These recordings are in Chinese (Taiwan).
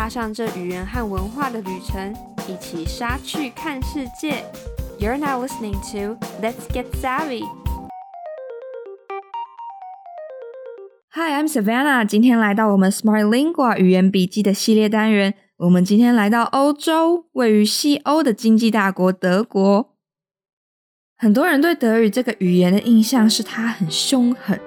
踏上這語言和文化的旅程，一起莎去看世界。You're now listening to Let's Get Savvy. Hi, I'm Savannah. 今天來到我們 Smart Lingua 語言筆記的系列單元。我們今天來到歐洲，位於西歐的經濟大國德國。很多人對德語這個語言的印象是它很凶狠。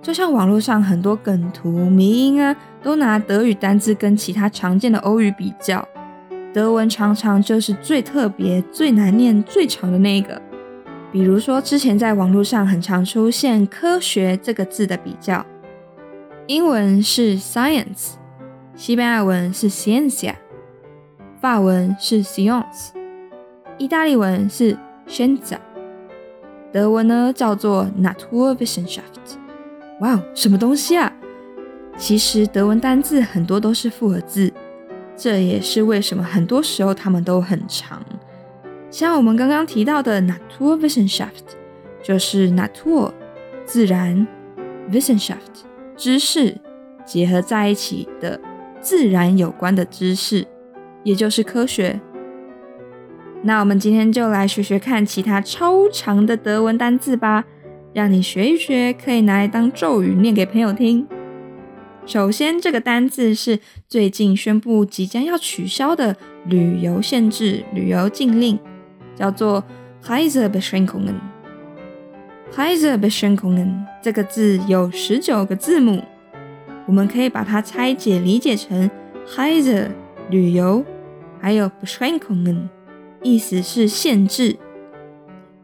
就像網絡上很多梗圖、迷因啊，都拿德語單字跟其他常見的歐語比較，德文常常就是最特別、最難念、最長的那個。比如說，之前在網絡上很常出現“科學”這個字的比較：英文是 science，西班牙文是 ciencia，法文是 science，意大利文是 scienza，德文呢叫做 Naturwissenschaft。哇哦，什麼東西啊？其實德文單字很多都是複合字，這也是為什麼很多時候它們都很長。像我們剛剛提到的 “Naturwissenschaft”，就是 “Natur” 自然，“Wissenschaft” 知識結合在一起的自然有關的知識，也就是科學。那我們今天就來學學看其他超長的德文單字吧。讓你學一學，可以拿來當咒語念給朋友聽。首先，這個單字是最近宣布即將要取消的旅遊限制、旅遊禁令，叫做 “Reisebeschränkungen”。Reisebeschränkungen 這個字有十九個字母，我們可以把它拆解理解成 Reise（ 旅遊）還有 Beschränkungen（ 意思是限制）。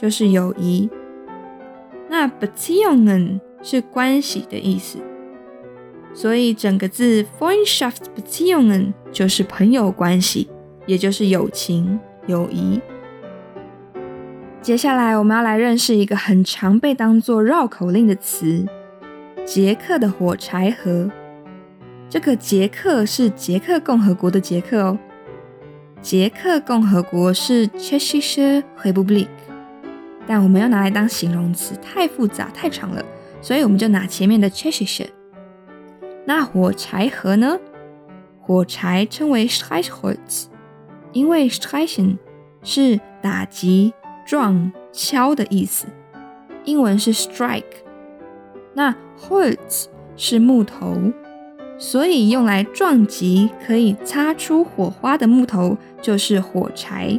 就是友誼。那 Beziehungen 是關係的意思，所以整個字 Freundschaft Beziehungen 就是朋友關係，也就是友情、友誼。接下來我們要來認識一個很常被當作繞口令的詞——捷克的火柴盒。這個捷克是捷克共和國的捷克哦，捷克共和國是 Tschechische Republik。但我們要拿來當形容詞太複雜太長了，所以我們就拿前面的 Tschechisch。那火柴盒呢？火柴稱為 Streichholz，因為 Streich 是打擊、撞、敲的意思，英文是 strike。那 Holz 是木頭，所以用來撞擊可以擦出火花的木頭就是火柴。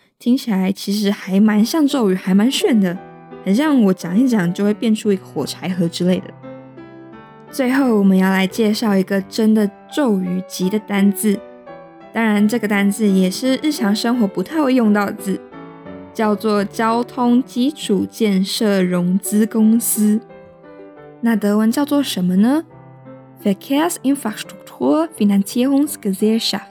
聽起來其實還蠻像咒語，還蠻炫的,很像我講一講就會變出一個火柴盒之類的。最後，我們要來介紹一個真的咒語級的單字，當然這個單字也是日常生活不太會用到的字，叫做交通基礎建設融資公司。那德文叫做什麼呢？Verkehrsinfrastrukturfinanzierungsgesellschaft。Verkehrs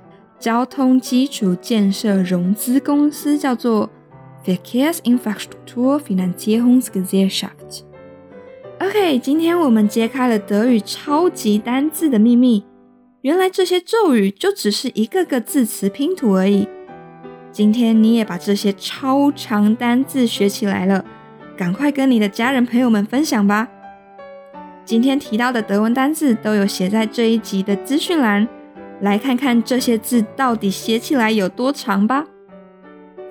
交通基礎建設融資公司叫做 Verkehrsinfrastrukturfinanzierungsgesellschaft。OK，今天我們揭開了德語超級單字的秘密，原來這些咒語就只是一個個字詞拼圖而已。今天你也把這些超長單字學起來了，趕快跟你的家人朋友們分享吧。今天提到的德文單字都有寫在這一集的資訊欄。來看看這些字到底寫起來有多長吧。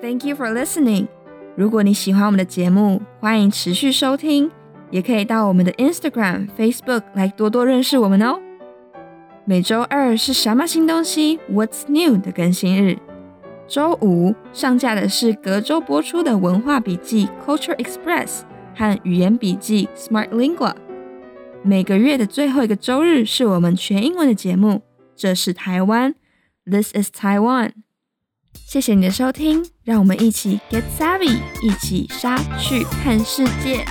Thank you for listening。如果你喜歡我們的節目，歡迎持續收聽，也可以到我們的 Instagram、Facebook 來多多認識我們哦。每周二是什麼新東西？What's new 的更新日。周五上架的是隔周播出的文化筆記 Culture Express 和語言筆記 Smart Lingua。每個月的最後一個周日是我們全英文的節目。這是台灣，This is Taiwan。謝謝你的收聽，讓我們一起 get savvy，一起莎，去看世界。